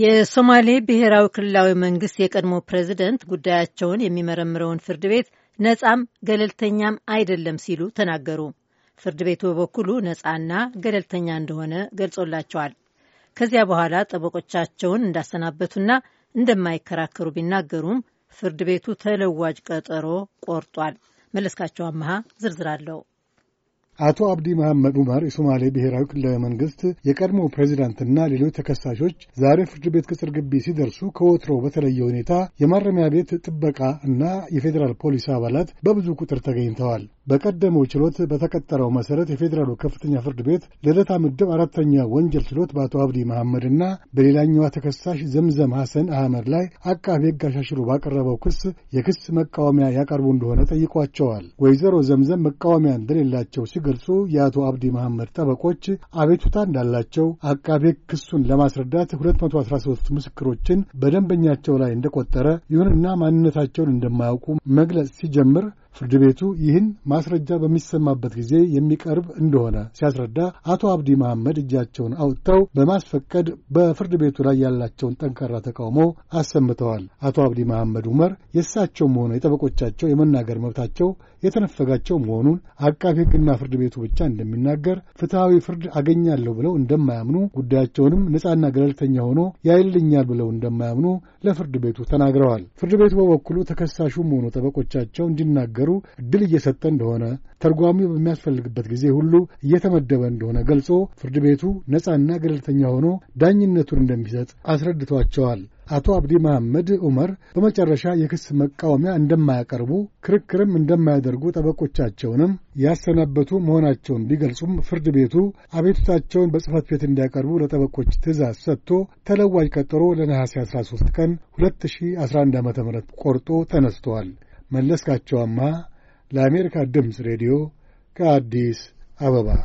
የሶማሌ ብሔራዊ ክልላዊ መንግስት የቀድሞ ፕሬዚደንት ጉዳያቸውን የሚመረምረውን ፍርድ ቤት ነጻም ገለልተኛም አይደለም ሲሉ ተናገሩ። ፍርድ ቤቱ በበኩሉ ነጻና ገለልተኛ እንደሆነ ገልጾላቸዋል። ከዚያ በኋላ ጠበቆቻቸውን እንዳሰናበቱና እንደማይከራከሩ ቢናገሩም ፍርድ ቤቱ ተለዋጅ ቀጠሮ ቆርጧል። መለስካቸው አመሃ ዝርዝር አለው። አቶ አብዲ መሐመድ ዑመር የሶማሌ ብሔራዊ ክልላዊ መንግሥት የቀድሞ ፕሬዚዳንትና ሌሎች ተከሳሾች ዛሬ ፍርድ ቤት ቅጽር ግቢ ሲደርሱ ከወትሮ በተለየ ሁኔታ የማረሚያ ቤት ጥበቃ እና የፌዴራል ፖሊስ አባላት በብዙ ቁጥር ተገኝተዋል። በቀደመው ችሎት በተቀጠረው መሠረት የፌዴራሉ ከፍተኛ ፍርድ ቤት ልደታ ምድብ አራተኛ ወንጀል ችሎት በአቶ አብዲ መሐመድና በሌላኛዋ ተከሳሽ ዘምዘም ሐሰን አህመድ ላይ አቃቢ ሕግ አሻሽሉ ባቀረበው ክስ የክስ መቃወሚያ ያቀርቡ እንደሆነ ጠይቋቸዋል። ወይዘሮ ዘምዘም መቃወሚያ እንደሌላቸው ሲገልጹ የአቶ አብዲ መሐመድ ጠበቆች አቤቱታ እንዳላቸው አቃቤ ሕግ ክሱን ለማስረዳት 213 ምስክሮችን በደንበኛቸው ላይ እንደቆጠረ፣ ይሁንና ማንነታቸውን እንደማያውቁ መግለጽ ሲጀምር ፍርድ ቤቱ ይህን ማስረጃ በሚሰማበት ጊዜ የሚቀርብ እንደሆነ ሲያስረዳ አቶ አብዲ መሐመድ እጃቸውን አውጥተው በማስፈቀድ በፍርድ ቤቱ ላይ ያላቸውን ጠንካራ ተቃውሞ አሰምተዋል። አቶ አብዲ መሐመድ ዑመር የእሳቸውም ሆነ የጠበቆቻቸው የመናገር መብታቸው የተነፈጋቸው መሆኑን አቃቤ ሕግና ፍርድ ቤቱ ብቻ እንደሚናገር ፍትሐዊ ፍርድ አገኛለሁ ብለው እንደማያምኑ ጉዳያቸውንም ነጻና ገለልተኛ ሆኖ ያይልኛል ብለው እንደማያምኑ ለፍርድ ቤቱ ተናግረዋል። ፍርድ ቤቱ በበኩሉ ተከሳሹም ሆኑ ጠበቆቻቸው እንዲናገሩ እንዲናገሩ እድል እየሰጠ እንደሆነ ተርጓሚው በሚያስፈልግበት ጊዜ ሁሉ እየተመደበ እንደሆነ ገልጾ ፍርድ ቤቱ ነጻና ገለልተኛ ሆኖ ዳኝነቱን እንደሚሰጥ አስረድቷቸዋል። አቶ አብዲ መሐመድ ዑመር በመጨረሻ የክስ መቃወሚያ እንደማያቀርቡ ክርክርም እንደማያደርጉ ጠበቆቻቸውንም ያሰናበቱ መሆናቸውን ቢገልጹም ፍርድ ቤቱ አቤቱታቸውን በጽህፈት ቤት እንዲያቀርቡ ለጠበቆች ትእዛዝ ሰጥቶ ተለዋጅ ቀጠሮ ለነሐሴ 13 ቀን 2011 ዓ ም ቆርጦ ተነስተዋል። መለስካቸዋማ ለአሜሪካ ድምፅ ሬዲዮ ከአዲስ አበባ